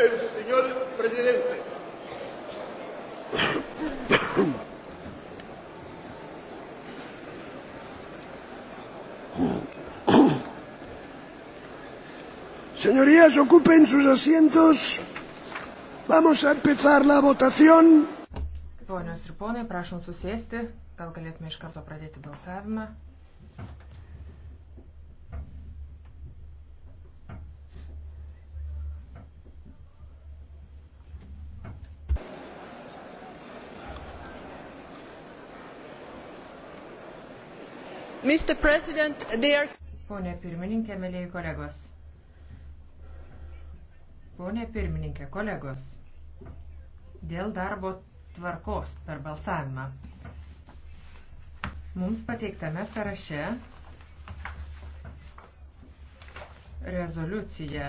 el señor presidente. Señorías, ocupen sus asientos. Vamos a empezar la votación. Ponios ir ponai, prašom susėsti. Gal galėtume iš karto pradėti balsavimą. Dear... Pone pirmininkė, mėlyjei kolegos. Pone pirmininkė, kolegos. Dėl darbo tvarkos per balsavimą. Mums pateiktame sąraše rezoliucija,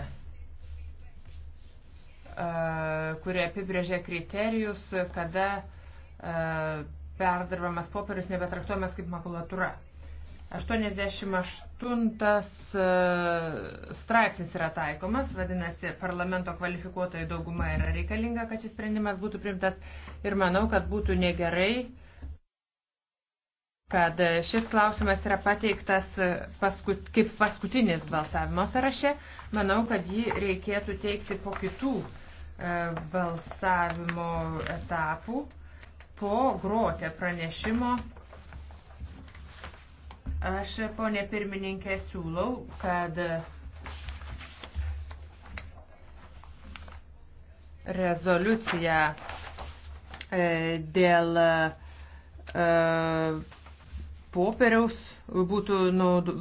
kuri apibrėžia kriterijus, kada perdarbamas popierius nebetraktuojamas kaip makulatūra. 88 e, straipsnis yra taikomas, vadinasi, parlamento kvalifikuotojai dauguma yra reikalinga, kad šis sprendimas būtų primtas ir manau, kad būtų negerai, kad e, šis klausimas yra pateiktas e, paskut, kaip paskutinis balsavimo sąraše. Manau, kad jį reikėtų teikti po kitų balsavimo etapų, po gruotę pranešimo Aš, ponė pirmininkė, siūlau, kad rezoliucija e, dėl e, popieriaus būtų naudu,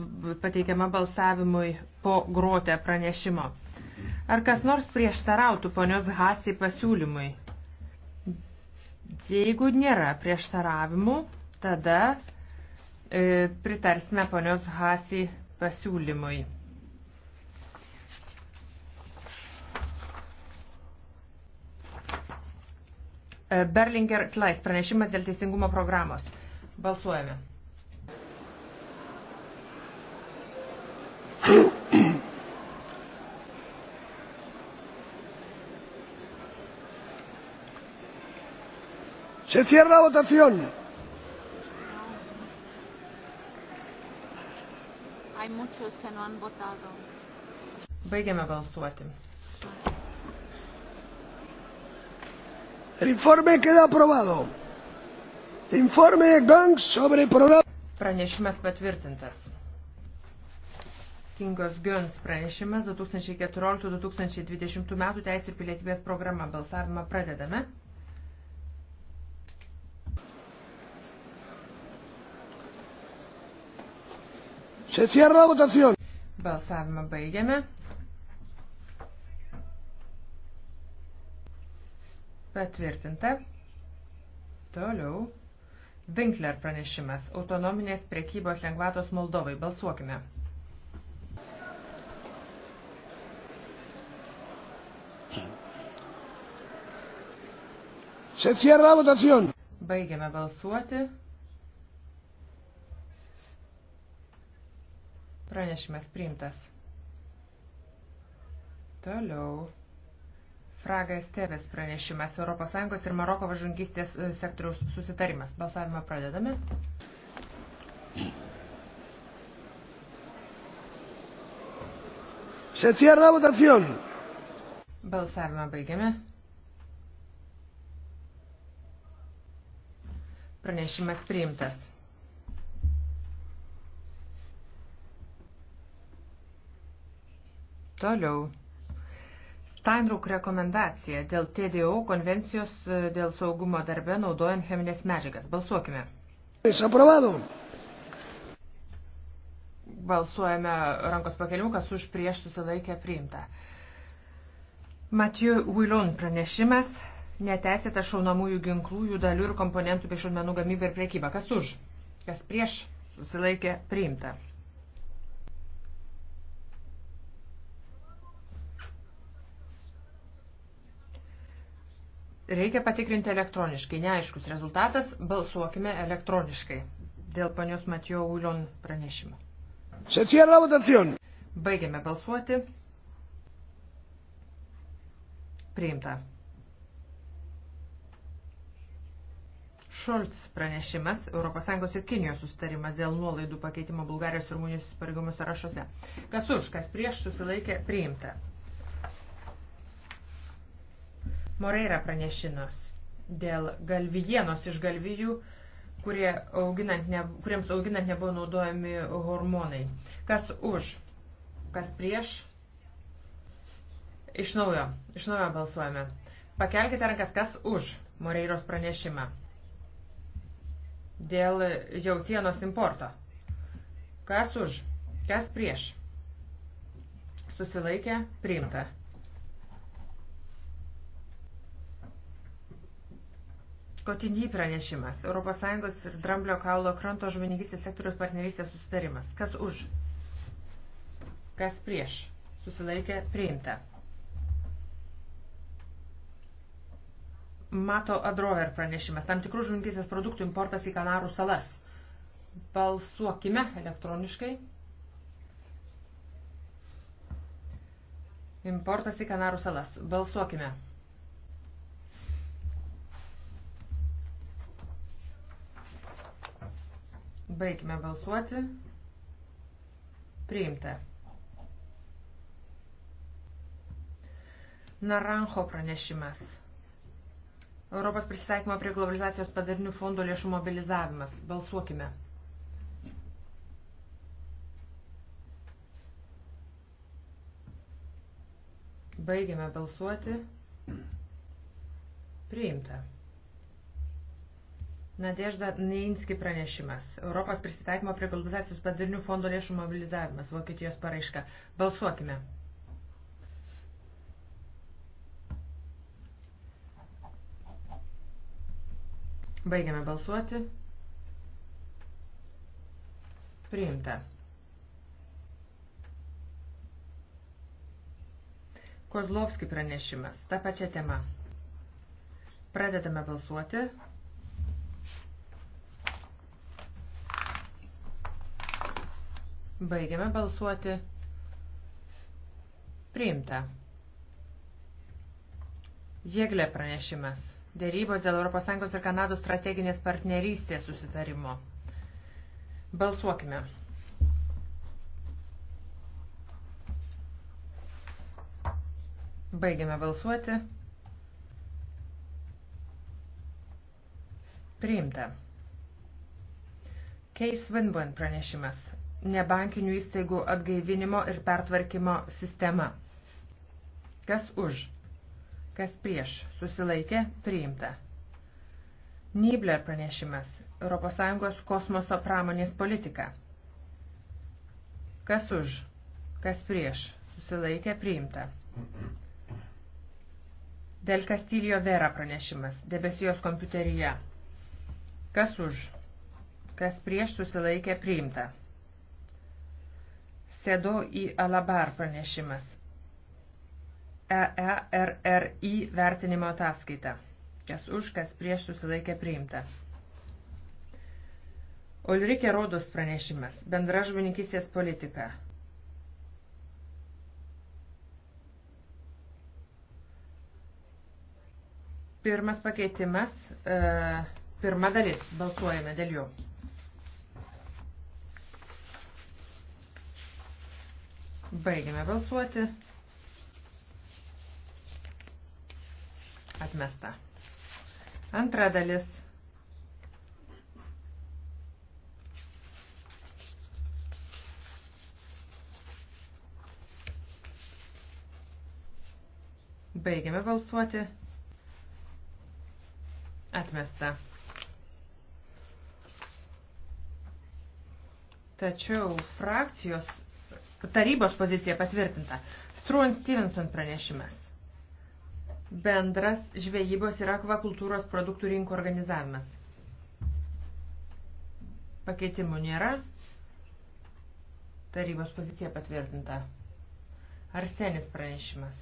pateikiama balsavimui po grotę pranešimo. Ar kas nors prieštarautų ponios Hasiai pasiūlymui? Jeigu nėra prieštaravimų, tada E, pritarsime ponios Hasi pasiūlymui. E, Berlinger Klais pranešimas dėl teisingumo programos. Balsuojame. Se cierra la votación. muchos que no han votado. Baigiame balsuoti. El informe queda aprobado. Informe Gang sobre programa. Pranešimas patvirtintas. Kingos Guns pranešimas 2014-2020 metų teisų ir pilietybės programa. Balsavimą pradedame. Se cierra la votación. Balsavimą baigiame. Patvirtinta. Toliau. Winkler pranešimas. Autonominės priekybos lengvatos Moldovai. Balsuokime. Se cierra la votación. Baigiame balsuoti. Pranešimas priimtas. Toliau. Fraga Esteves pranešimas ES ir Maroko važungystės e, sektoriaus susitarimas. Balsavimą pradedame. Se cierra votación. Balsavimą baigiame. Pranešimas priimtas. Toliau. Steinruk rekomendacija dėl TDO konvencijos e, dėl saugumo darbe naudojant cheminės medžiagas. Balsuokime. Desaprobado. Balsuojame rankos pakeliukas už prieš susilaikę priimtą. Matiju Wilon pranešimas neteisėta šaunamųjų ginklų, jų dalių ir komponentų bei šaunmenų gamybą ir priekybą. Kas už? Kas prieš susilaikė priimta. Reikia patikrinti elektroniškai. Neaiškus rezultatas. Balsuokime elektroniškai. Dėl panios Matijo Ulion pranešimo. Baigiame balsuoti. Priimta. Šolts pranešimas ES ir Kinijos sustarimas dėl nuolaidų pakeitimo Bulgarijos ir Rumunijos įsipareigomų sąrašuose. Kas už, kas prieš susilaikė priimta. Moreira pranešinos dėl galvijienos iš galvijų, kurie auginant ne, kuriems auginant nebuvo naudojami hormonai. Kas už, kas prieš? Iš naujo, iš naujo balsuojame. Pakelkite rankas, kas už Moreiros pranešimą dėl jautienos importo. Kas už, kas prieš? Susilaikė, priimta. Kotinį pranešimas. ES ir Dramblio kaulo kranto žuvininkystės sektoriaus partnerystės susitarimas. Kas už? Kas prieš? Susilaikė priimta. Mato Adrover pranešimas. Tam tikrų žuvininkystės produktų importas į Kanarų salas. Balsuokime elektroniškai. Importas į Kanarų salas. Balsuokime. Baigime balsuoti. Priimta. Naranjo pranešimas. Europos prisitaikymo prie globalizacijos padarinių fondo lėšų mobilizavimas. Balsuokime. Baigiame balsuoti. Priimta. Nadežda Neinski pranešimas. Europos prisitaikymo prie globalizacijos padarinių fondo lėšų mobilizavimas. Vokietijos paraiška. Balsuokime. Baigiame balsuoti. Priimta. Kozlovski pranešimas. Ta pačia tema. Pradedame balsuoti. Baigiame balsuoti. Priimta. Jėglė pranešimas. Dėrybos dėl ES ir Kanados strateginės partnerystės susitarimo. Balsuokime. Baigiame balsuoti. Priimta. Case Winburn pranešimas nebankinių įstaigų atgaivinimo ir pertvarkymo sistema. Kas už? Kas prieš? Susilaikė? Priimta. Nibler pranešimas. ES kosmoso pramonės politika. Kas už? Kas prieš? Susilaikė? Priimta. Del Castillo Vera pranešimas. Debesijos kompiuteryje. Kas už? Kas prieš? Susilaikė? Priimta. Sedo į Alabar pranešimas. EERRI vertinimo ataskaita. Kas už, kas prieš susilaikė priimta. Ulrike Rodos pranešimas. Bendra žuvininkystės politika. Pirmas pakeitimas. E, pirma dalis. Balsuojame dėl jų. Baigiame balsuoti. Atmesta. Antra dalis. Baigiame balsuoti. Atmesta. Tačiau frakcijos Tarybos pozicija patvirtinta. Struan Stevenson pranešimas. Bendras žvejybos ir akvakultūros produktų rinkų organizavimas. Pakeitimų nėra. Tarybos pozicija patvirtinta. Arsenis pranešimas.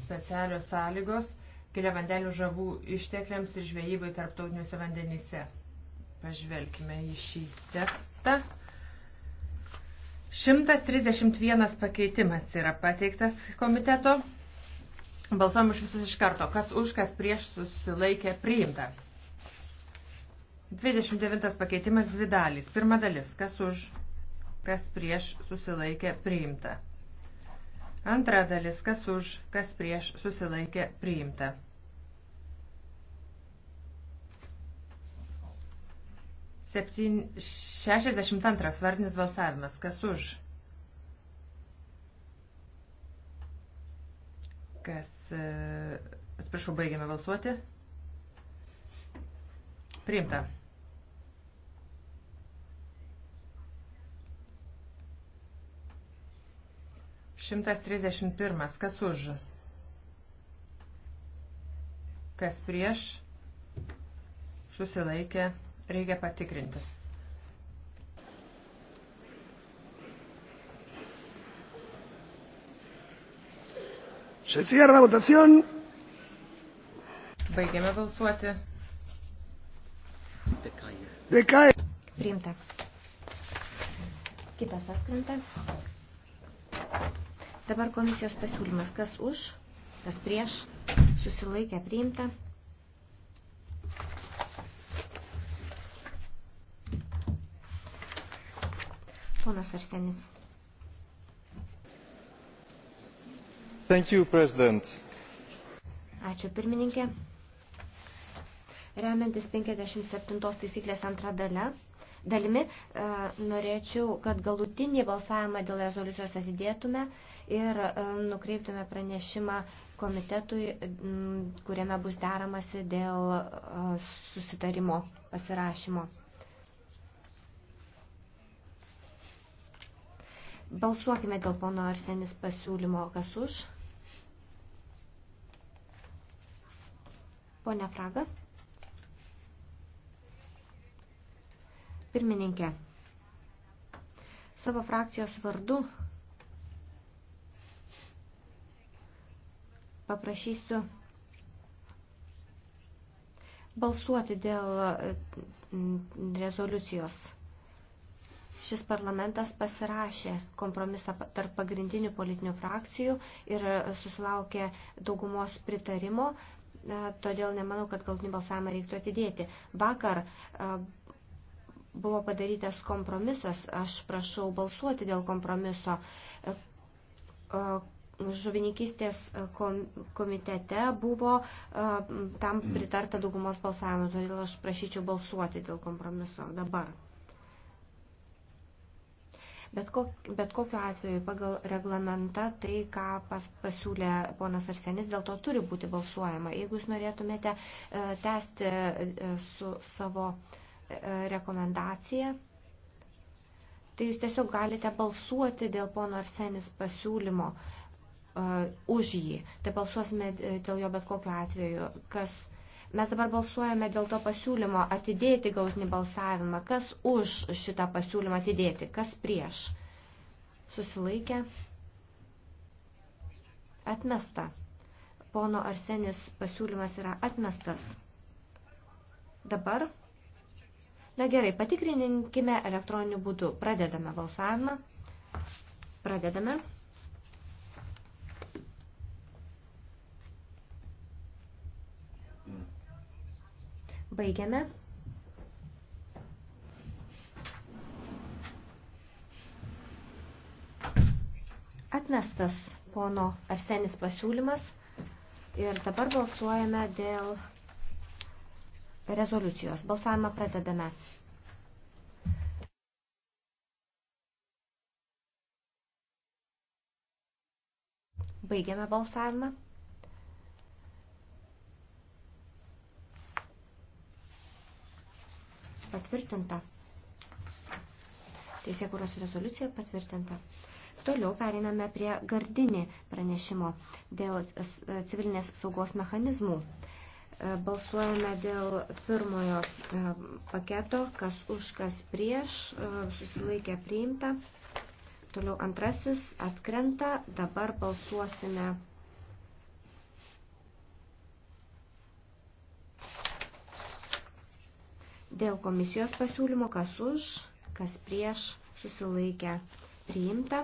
Specialios sąlygos giliavandenių žavų ištekliams ir žvejybai tarptautiniuose vandenyse. Pažvelkime į šį tekstą. 131 pakeitimas yra pateiktas komiteto. Balsuom už visus iš karto. Kas už, kas prieš susilaikė priimta. 29 pakeitimas dvi dalys. Pirma dalis. Kas už, kas prieš susilaikė priimta. Antra dalis. Kas už, kas prieš susilaikė priimta. Septyn... 62 vardinis balsavimas. Kas už? Kas... E, atsiprašau, baigiame balsuoti. Priimta. Šimtas trisdešimt pirmas. Kas už? Kas prieš? Susilaikė. Reikia patikrinti. Se cierra la votación. Baigiame balsuoti. Dekai. Priimta. Kitas atkrenta. Dabar komisijos pasiūlymas. Kas už, kas prieš, susilaikė priimta. Ponas Arsenis. Thank you, President. Ačiū, pirmininkė. Remiantis 57 taisyklės antrą dalę, dalimi, e, norėčiau, kad galutinį balsavimą dėl rezoliucijos atidėtume ir e, nukreiptume pranešimą komitetui, m, kuriame bus deramasi dėl e, susitarimo pasirašymo. Balsuokime dėl pono Arsenis pasiūlymo, kas už. Pone Fraga. Pirmininkė, savo frakcijos vardu paprašysiu balsuoti dėl mm, rezoliucijos šis parlamentas pasirašė kompromisą tarp pagrindinių politinių frakcijų ir e, susilaukė daugumos pritarimo, e, todėl nemanau, kad galtinį balsavimą reiktų atidėti. Vakar e, buvo padarytas kompromisas, aš prašau balsuoti dėl kompromiso. Žuvininkystės komitete buvo tam pritarta daugumos balsavimo, todėl aš prašyčiau balsuoti dėl kompromiso dabar. Bet, kok, bet kokiu atveju pagal reglamentą tai, ką pas, pasiūlė ponas Arsenis, dėl to turi būti balsuojama. Jeigu jūs norėtumėte e, tęsti e, su savo e, rekomendacija, tai jūs tiesiog galite balsuoti dėl pono Arsenis pasiūlymo uh, už jį. Tai balsuosime e, dėl jo bet kokiu atveju, kas uh, Mes dabar balsuojame dėl to pasiūlymo atidėti gautinį balsavimą. Kas už šitą pasiūlymą atidėti, kas prieš? Susilaikė. Atmesta. Pono Arsenis pasiūlymas yra atmestas. Dabar. Na gerai, patikrinkime elektroniniu būdu. Pradedame balsavimą. Pradedame. Baigiame. Atmestas pono Arsenis pasiūlymas ir dabar balsuojame dėl rezoliucijos. Balsavimą pradedame. Baigiame balsavimą. patvirtinta. Teisėkūros rezoliucija patvirtinta. Toliau periname prie gardinį pranešimo dėl civilinės saugos mechanizmų. E, balsuojame dėl pirmojo e, paketo, kas už, kas prieš, e, susilaikė priimta. Toliau antrasis atkrenta, dabar balsuosime Dėl komisijos pasiūlymo, kas už, kas prieš, susilaikę, priimta.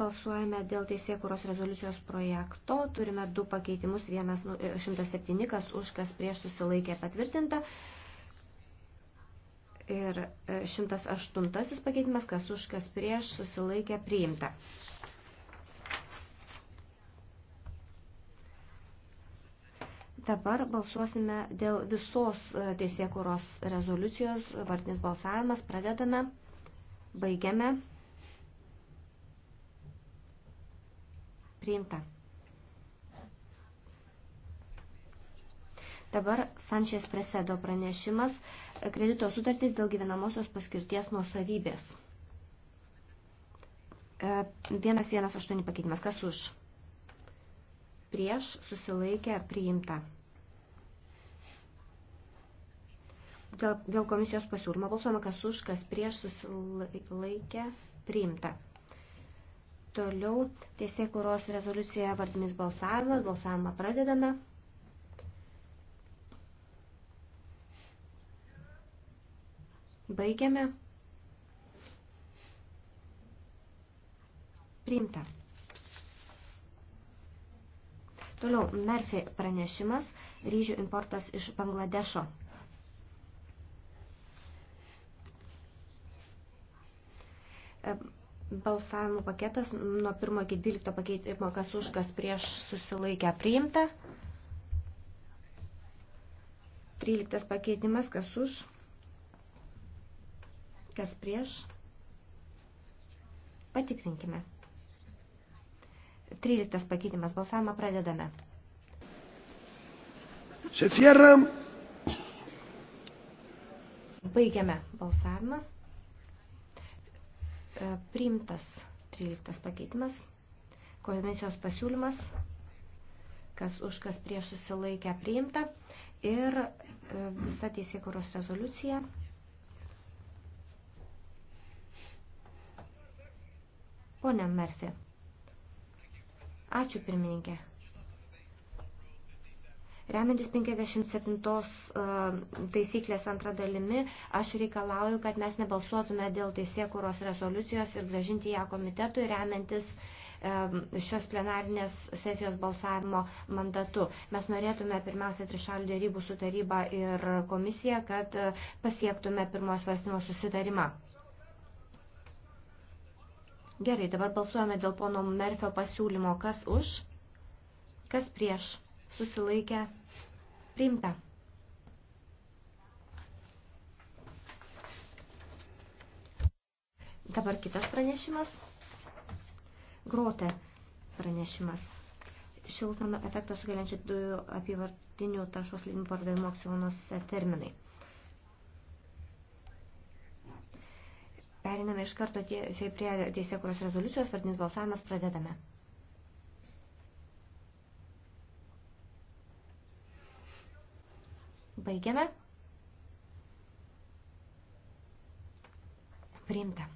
Balsuojame dėl teisėkuros rezoliucijos projekto. Turime du pakeitimus, vienas 107, nu, kas už, kas prieš susilaikė patvirtinta. Ir 108 pakeitimas, kas už, kas prieš susilaikė priimta. Dabar balsuosime dėl visos e, teisėkūros rezoliucijos. Vardinis balsavimas. Pradedame. Baigiame. Priimta. Dabar Sančias Presedo pranešimas kredito sutartys dėl gyvenamosios paskirties nuosavybės. 118 e, pakeitimas. Kas už? prieš susilaikę priimta. Dėl, dėl komisijos pasiūlymo balsuojama, kas už, kas prieš susilaikę priimta. Toliau teisė kuros rezoliucija vardinis balsavimas. Balsavimą pradedame. Baigiame. Priimta. Toliau, Merfi pranešimas, ryžių importas iš Bangladešo. E, Balsavimų paketas nuo 1 iki 12 pakeitimo, kas už, kas prieš susilaikę priimta. 13 pakeitimas, kas už, kas prieš. Patikrinkime. 13 pakeitimas. Balsavimą pradedame. Se cierra. Baigiame balsavimą. E, priimtas 13 pakeitimas. Komisijos pasiūlymas. Kas už kas prieš susilaikę priimta. Ir e, visa teisėkuros rezoliucija. Pone Merfi. Ačiū, pirmininkė. Remiantis 57 e, taisyklės antrą dalimi, aš reikalauju, kad mes nebalsuotume dėl teisėkūros rezoliucijos ir gražinti ją komitetui, remiantis e, šios plenarinės sesijos balsavimo mandatu. Mes norėtume pirmiausia trišalių dėrybų su taryba ir komisija, kad e, pasiektume pirmos svarstymo susitarimą. Gerai, dabar balsuojame dėl pono Merfio pasiūlymo. Kas už? Kas prieš? Susilaikę? Priimta. Dabar kitas pranešimas. Grote pranešimas. Šiltame efektą sugeliančių dujų apyvartinių taršos lygimų pardavimo aukcionuose terminai. Periname iš karto tie, prie teisėkuros rezoliucijos, vardinis balsavimas pradedame. Baigiame. Priimta.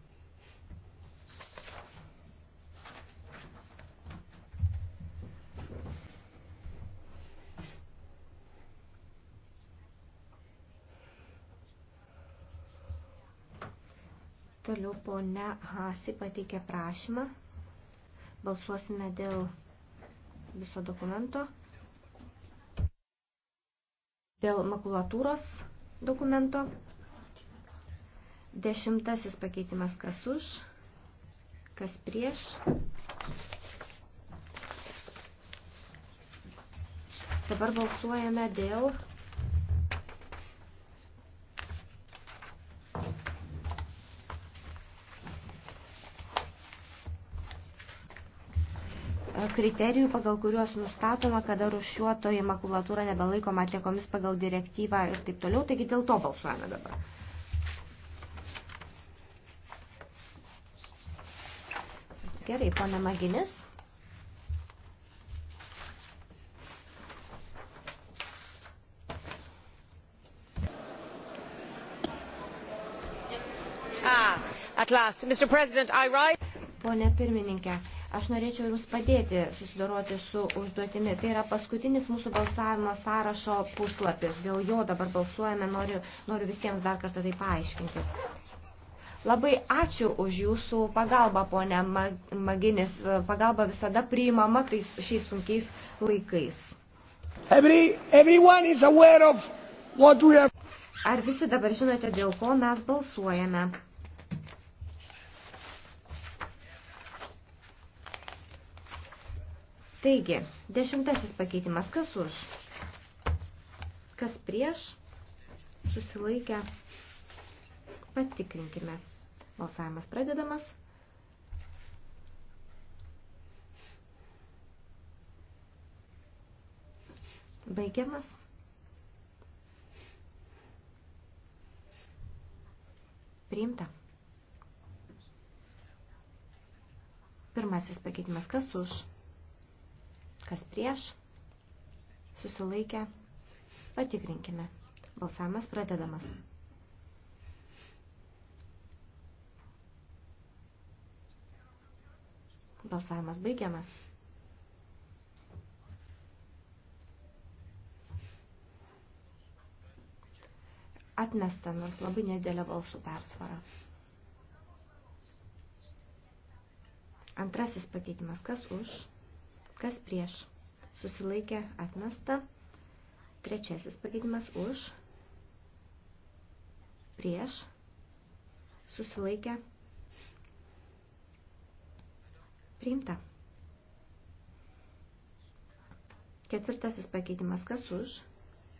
Toliau ponia Hasi pateikė prašymą. Balsuosime dėl viso dokumento. Dėl makulatūros dokumento. Dešimtasis pakeitimas kas už, kas prieš. Dabar balsuojame dėl kriterijų, pagal kuriuos nustatoma, kada rušiuotoji makulatūra nebelaikoma atliekomis pagal direktyvą ir taip toliau. Taigi dėl to balsuojame dabar. Gerai, pana Maginis. Ah, at last. Mr. President, I rise. Pone pirmininkė, Aš norėčiau Jums padėti susidoroti su užduotimi. Tai yra paskutinis mūsų balsavimo sąrašo puslapis. Dėl jo dabar balsuojame, noriu, noriu visiems dar kartą tai paaiškinti. Labai ačiū už Jūsų pagalbą, ponė Maginis. Pagalba visada priimama tais, šiais sunkiais laikais. Every, everyone is aware of what we are... Ar visi dabar žinote, dėl ko mes balsuojame? Taigi, dešimtasis pakeitimas. Kas už? Kas prieš? Susilaikę. Patikrinkime. Balsavimas pradedamas. Baigiamas. Priimta. Pirmasis pakeitimas. Kas už? Kas prieš? Susilaikę. Patikrinkime. Balsavimas pradedamas. Balsavimas baigiamas. Atmesta, nors labai nedėlė balsų persvara. Antrasis pakeitimas. Kas už? Kas prieš? Susilaikė atmesta. Trečiasis pakeitimas už. Prieš. Susilaikė. Priimta. Ketvirtasis pakeitimas kas už,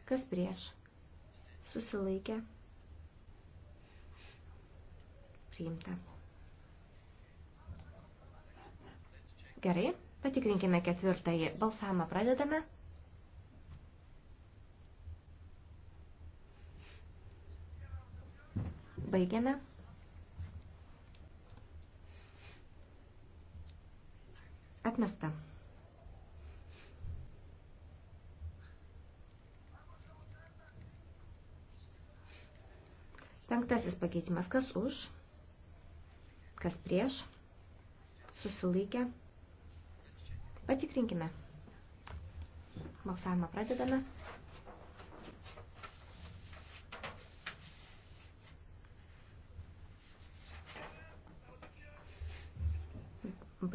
kas prieš. Susilaikė. Priimta. Gerai. Patikrinkime ketvirtąjį. Balsavimą pradedame. Baigiame. Atmesta. Penktasis pakeitimas. Kas už? Kas prieš? Susilaikę? Patikrinkime. Balsavimą pradedame.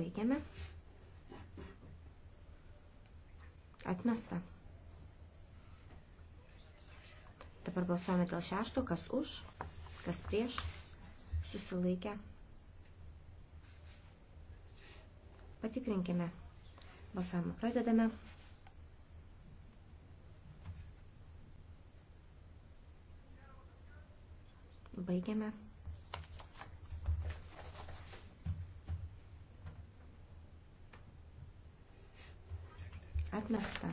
Baigiame. Atmesta. Dabar balsuojame dėl šešto, kas už, kas prieš, susilaikę. Patikrinkime. Balsavimą pradedame. Baigiame. Atmesta.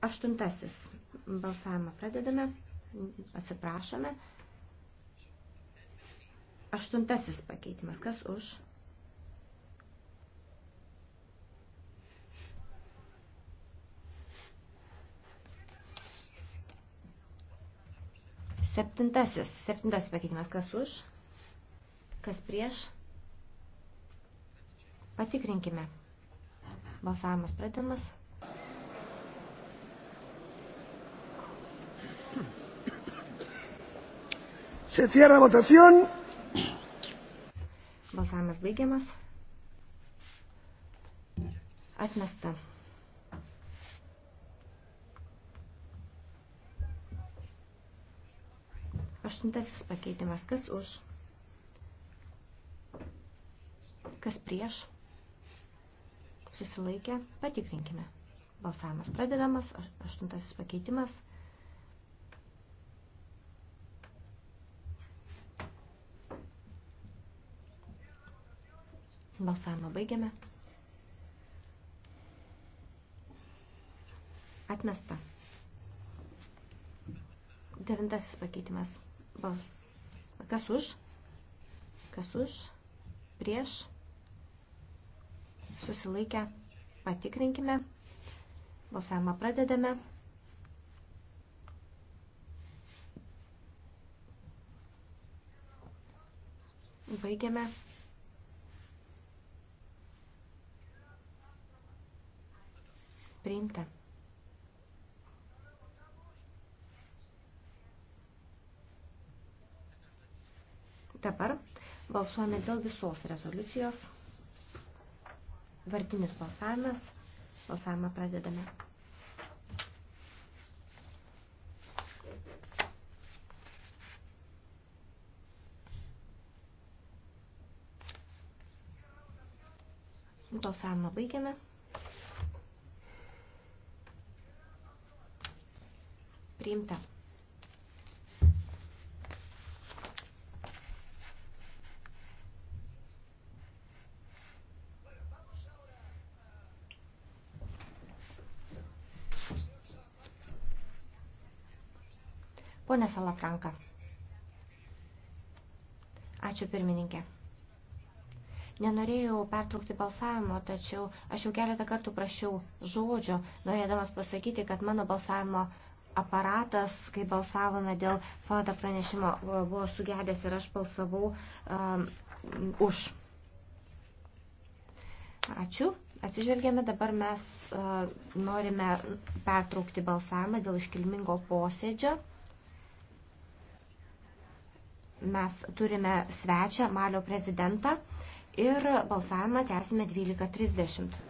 Aštuntasis. Balsavimą pradedame. Atsiprašome. Aštuntasis pakeitimas. Kas už? Septintasis. Septintasis pakeitimas. Kas už? Kas prieš? Patikrinkime. Balsavimas pradimas. Se cierra votación. Balsavimas baigiamas. Atmesta. Aštuntasis pakeitimas. Kas už? Kas prieš? Susilaikę. Patikrinkime. Balsavimas pradedamas. Aštuntasis pakeitimas. Balsavimą baigiame. Atmesta. Devintasis pakeitimas. Bals... Kas už? Kas už? Prieš? Susilaikę. Patikrinkime. Balsavimą pradedame. Baigiame. priimta. Dabar balsuojame dėl visos rezoliucijos. Vardinis balsavimas. Balsavimą pradedame. Balsavimą baigiame. Priimta. Pone Salafranka. Ačiū pirmininkė. Nenorėjau pertraukti balsavimo, tačiau aš jau keletą kartų prašiau žodžio, norėdamas pasakyti, kad mano balsavimo aparatas, kai balsavome dėl fondo pranešimo, buvo sugedęs ir aš balsavau um, už. Ačiū. Atsižvelgėme, dabar mes uh, norime pertraukti balsavimą dėl iškilmingo posėdžio. Mes turime svečią, Malio prezidentą, ir balsavimą tęsime 12.30.